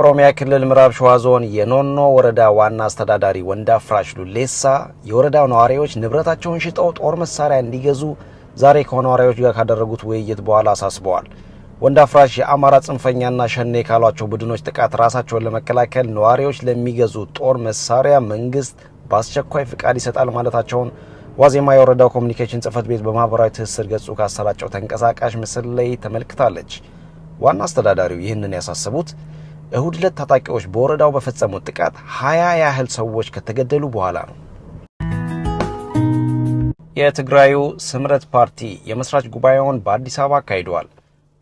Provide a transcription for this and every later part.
ኦሮሚያ ክልል ምዕራብ ሸዋ ዞን የኖኖ ወረዳ ዋና አስተዳዳሪ ወንዳ ፍራሽ ሉሌሳ የወረዳው ነዋሪዎች ንብረታቸውን ሽጠው ጦር መሳሪያ እንዲገዙ ዛሬ ከነዋሪዎች ጋር ካደረጉት ውይይት በኋላ አሳስበዋል። ወንዳ ፍራሽ የአማራ ጽንፈኛና ሸኔ ካሏቸው ቡድኖች ጥቃት ራሳቸውን ለመከላከል ነዋሪዎች ለሚገዙ ጦር መሳሪያ መንግስት በአስቸኳይ ፍቃድ ይሰጣል ማለታቸውን ዋዜማ የወረዳው ኮሚኒኬሽን ጽህፈት ቤት በማህበራዊ ትስስር ገጹ ካሰራጨው ተንቀሳቃሽ ምስል ላይ ተመልክታለች። ዋና አስተዳዳሪው ይህንን ያሳሰቡት እሁድ ዕለት ታጣቂዎች በወረዳው በፈጸሙት ጥቃት ሀያ ያህል ሰዎች ከተገደሉ በኋላ ነው። የትግራዩ ስምረት ፓርቲ የመስራች ጉባኤውን በአዲስ አበባ አካሂደዋል።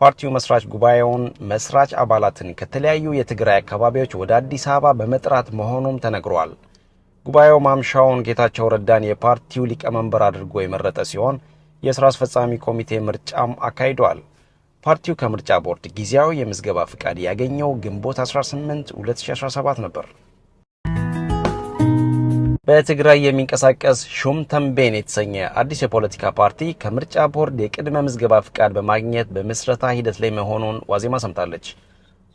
ፓርቲው መስራች ጉባኤውን መስራች አባላትን ከተለያዩ የትግራይ አካባቢዎች ወደ አዲስ አበባ በመጥራት መሆኑም ተነግሯል። ጉባኤው ማምሻውን ጌታቸው ረዳን የፓርቲው ሊቀመንበር አድርጎ የመረጠ ሲሆን የስራ አስፈጻሚ ኮሚቴ ምርጫም አካሂደዋል። ፓርቲው ከምርጫ ቦርድ ጊዜያዊ የምዝገባ ፍቃድ ያገኘው ግንቦት 18 2017 ነበር። በትግራይ የሚንቀሳቀስ ሹም ተምቤን የተሰኘ አዲስ የፖለቲካ ፓርቲ ከምርጫ ቦርድ የቅድመ ምዝገባ ፍቃድ በማግኘት በምስረታ ሂደት ላይ መሆኑን ዋዜማ ሰምታለች።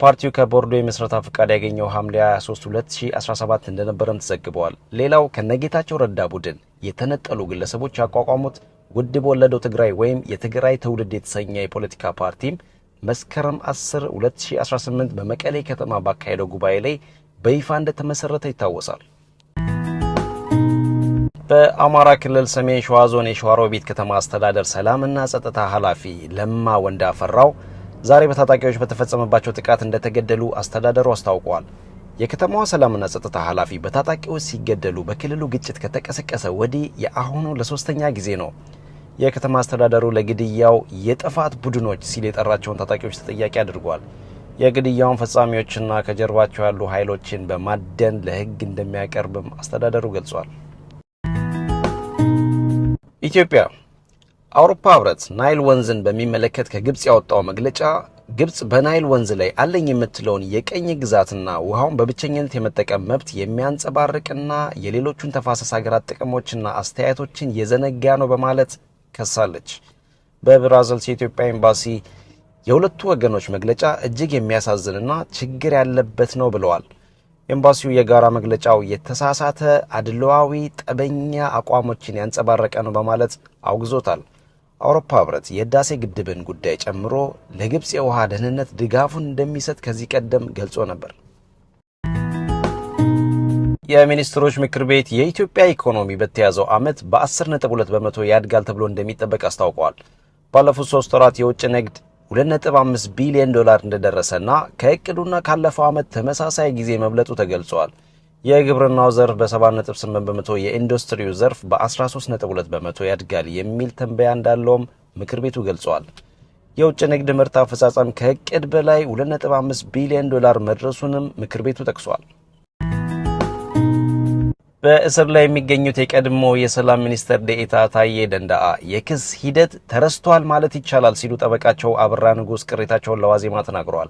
ፓርቲው ከቦርዱ የምስረታ ፍቃድ ያገኘው ሐምሌ 23 2017 እንደነበረም ተዘግበዋል። ሌላው ከነጌታቸው ረዳ ቡድን የተነጠሉ ግለሰቦች ያቋቋሙት ውድብ ወለዶ ትግራይ ወይም የትግራይ ትውልድ የተሰኘ የፖለቲካ ፓርቲም መስከረም 10 2018 በመቀሌ ከተማ ባካሄደው ጉባኤ ላይ በይፋ እንደተመሰረተ ይታወሳል። በአማራ ክልል ሰሜን ሸዋ ዞን የሸዋሮቢት ከተማ አስተዳደር ሰላምና ጸጥታ ኃላፊ ለማ ፈራው ዛሬ በታጣቂዎች በተፈጸመባቸው ጥቃት እንደተገደሉ አስተዳደሩ አስታውቋል። የከተማዋ ሰላምና ጸጥታ ኃላፊ በታጣቂዎች ሲገደሉ በክልሉ ግጭት ከተቀሰቀሰ ወዲህ የአሁኑ ለሶስተኛ ጊዜ ነው። የከተማ አስተዳደሩ ለግድያው የጥፋት ቡድኖች ሲል የጠራቸውን ታጣቂዎች ተጠያቂ አድርጓል። የግድያውን ፈጻሚዎችና ከጀርባቸው ያሉ ኃይሎችን በማደን ለሕግ እንደሚያቀርብም አስተዳደሩ ገልጿል። ኢትዮጵያ አውሮፓ ህብረት ናይል ወንዝን በሚመለከት ከግብፅ ያወጣው መግለጫ ግብፅ በናይል ወንዝ ላይ አለኝ የምትለውን የቀኝ ግዛትና ውሃውን በብቸኝነት የመጠቀም መብት የሚያንጸባርቅና የሌሎቹን ተፋሰስ ሀገራት ጥቅሞችና አስተያየቶችን የዘነጋ ነው በማለት ከሳለች። በብራዚል የኢትዮጵያ ኤምባሲ የሁለቱ ወገኖች መግለጫ እጅግ የሚያሳዝንና ችግር ያለበት ነው ብለዋል። ኤምባሲው የጋራ መግለጫው የተሳሳተ አድለዋዊ ጠበኛ አቋሞችን ያንጸባረቀ ነው በማለት አውግዞታል። አውሮፓ ህብረት የህዳሴ ግድብን ጉዳይ ጨምሮ ለግብፅ የውሃ ደህንነት ድጋፉን እንደሚሰጥ ከዚህ ቀደም ገልጾ ነበር። የሚኒስትሮች ምክር ቤት የኢትዮጵያ ኢኮኖሚ በተያዘው ዓመት በ10.2 በመቶ ያድጋል ተብሎ እንደሚጠበቅ አስታውቀዋል። ባለፉት ሶስት ወራት የውጭ ንግድ 2.5 ቢሊዮን ዶላር እንደደረሰና ከእቅዱና ካለፈው ዓመት ተመሳሳይ ጊዜ መብለጡ ተገልጿል። የግብርናው ዘርፍ በ7.8 በመቶ፣ የኢንዱስትሪው ዘርፍ በ13.2 በመቶ ያድጋል የሚል ትንበያ እንዳለውም ምክር ቤቱ ገልጿል። የውጭ ንግድ ምርት አፈጻጸም ከእቅድ በላይ 2.5 ቢሊዮን ዶላር መድረሱንም ምክር ቤቱ ጠቅሷል። በእስር ላይ የሚገኙት የቀድሞ የሰላም ሚኒስትር ዴኤታ ታዬ ደንዳአ የክስ ሂደት ተረስቷል ማለት ይቻላል ሲሉ ጠበቃቸው አብራ ንጉሥ ቅሬታቸውን ለዋዜማ ተናግረዋል።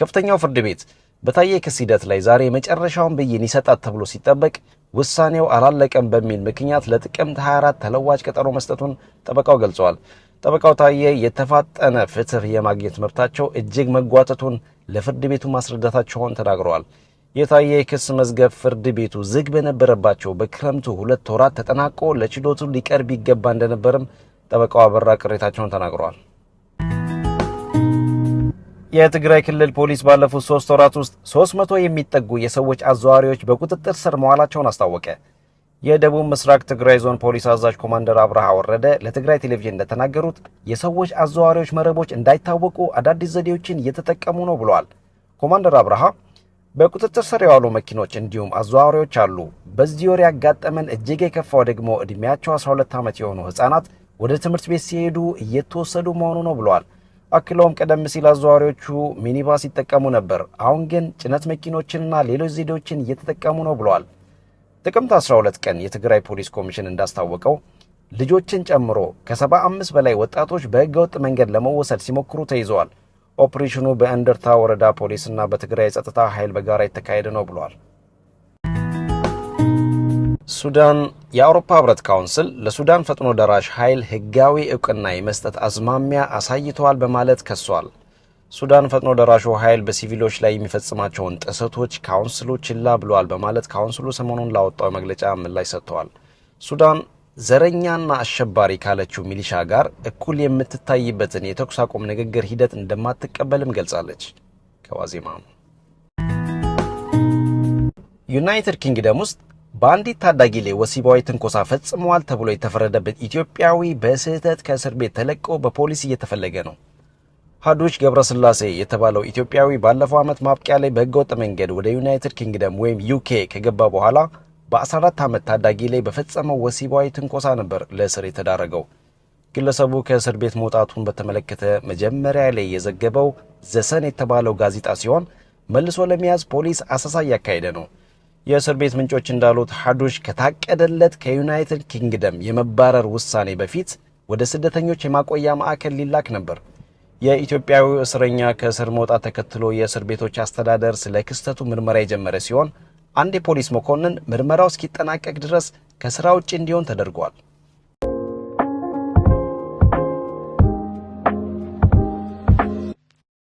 ከፍተኛው ፍርድ ቤት በታዬ ክስ ሂደት ላይ ዛሬ የመጨረሻውን ብይን ይሰጣት ተብሎ ሲጠበቅ ውሳኔው አላለቀም በሚል ምክንያት ለጥቅምት 24 ተለዋጭ ቀጠሮ መስጠቱን ጠበቃው ገልጸዋል። ጠበቃው ታዬ የተፋጠነ ፍትህ የማግኘት መብታቸው እጅግ መጓተቱን ለፍርድ ቤቱ ማስረዳታቸውን ተናግረዋል። የታየ የክስ መዝገብ ፍርድ ቤቱ ዝግ በነበረባቸው በክረምቱ ሁለት ወራት ተጠናቆ ለችሎቱ ሊቀርብ ይገባ እንደነበርም ጠበቃው አበራ ቅሬታቸውን ተናግረዋል። የትግራይ ክልል ፖሊስ ባለፉት ሶስት ወራት ውስጥ 300 የሚጠጉ የሰዎች አዘዋሪዎች በቁጥጥር ስር መዋላቸውን አስታወቀ። የደቡብ ምስራቅ ትግራይ ዞን ፖሊስ አዛዥ ኮማንደር አብርሃ ወረደ ለትግራይ ቴሌቪዥን እንደተናገሩት የሰዎች አዘዋሪዎች መረቦች እንዳይታወቁ አዳዲስ ዘዴዎችን እየተጠቀሙ ነው ብለዋል። ኮማንደር አብርሃ በቁጥጥር ስር የዋሉ መኪኖች እንዲሁም አዘዋዋሪዎች አሉ። በዚህ ወር ያጋጠመን እጅግ የከፋው ደግሞ እድሜያቸው 12 ዓመት የሆኑ ህጻናት ወደ ትምህርት ቤት ሲሄዱ እየተወሰዱ መሆኑ ነው ብለዋል። አክለውም ቀደም ሲል አዘዋዋሪዎቹ ሚኒባስ ይጠቀሙ ነበር፣ አሁን ግን ጭነት መኪኖችንና ሌሎች ዘዴዎችን እየተጠቀሙ ነው ብለዋል። ጥቅምት 12 ቀን የትግራይ ፖሊስ ኮሚሽን እንዳስታወቀው ልጆችን ጨምሮ ከ75 በላይ ወጣቶች በህገወጥ መንገድ ለመወሰድ ሲሞክሩ ተይዘዋል። ኦፕሬሽኑ በእንደርታ ወረዳ ፖሊስና በትግራይ የጸጥታ ኃይል በጋራ የተካሄደ ነው ብሏል። ሱዳን የአውሮፓ ህብረት ካውንስል ለሱዳን ፈጥኖ ደራሽ ኃይል ህጋዊ እውቅና የመስጠት አዝማሚያ አሳይተዋል በማለት ከሷል። ሱዳን ፈጥኖ ደራሹ ኃይል በሲቪሎች ላይ የሚፈጽማቸውን ጥሰቶች ካውንስሉ ችላ ብሏል በማለት ካውንስሉ ሰሞኑን ላወጣው መግለጫ ምላሽ ሰጥተዋል። ሱዳን ዘረኛና አሸባሪ ካለችው ሚሊሻ ጋር እኩል የምትታይበትን የተኩስ አቁም ንግግር ሂደት እንደማትቀበልም ገልጻለች። ከዋዜማ ዩናይትድ ኪንግደም ውስጥ በአንዲት ታዳጊ ላይ ወሲባዊ ትንኮሳ ፈጽመዋል ተብሎ የተፈረደበት ኢትዮጵያዊ በስህተት ከእስር ቤት ተለቆ በፖሊስ እየተፈለገ ነው። ሀዱሽ ገብረስላሴ የተባለው ኢትዮጵያዊ ባለፈው ዓመት ማብቂያ ላይ በህገወጥ መንገድ ወደ ዩናይትድ ኪንግደም ወይም ዩኬ ከገባ በኋላ በ14 ዓመት ታዳጊ ላይ በፈጸመው ወሲባዊ ትንኮሳ ነበር ለእስር የተዳረገው። ግለሰቡ ከእስር ቤት መውጣቱን በተመለከተ መጀመሪያ ላይ የዘገበው ዘሰን የተባለው ጋዜጣ ሲሆን መልሶ ለመያዝ ፖሊስ አሰሳ እያካሄደ ነው። የእስር ቤት ምንጮች እንዳሉት ሐዱሽ ከታቀደለት ከዩናይትድ ኪንግደም የመባረር ውሳኔ በፊት ወደ ስደተኞች የማቆያ ማዕከል ሊላክ ነበር። የኢትዮጵያዊ እስረኛ ከእስር መውጣት ተከትሎ የእስር ቤቶች አስተዳደር ስለ ክስተቱ ምርመራ የጀመረ ሲሆን አንድ የፖሊስ መኮንን ምርመራው እስኪጠናቀቅ ድረስ ከስራ ውጭ እንዲሆን ተደርጓል።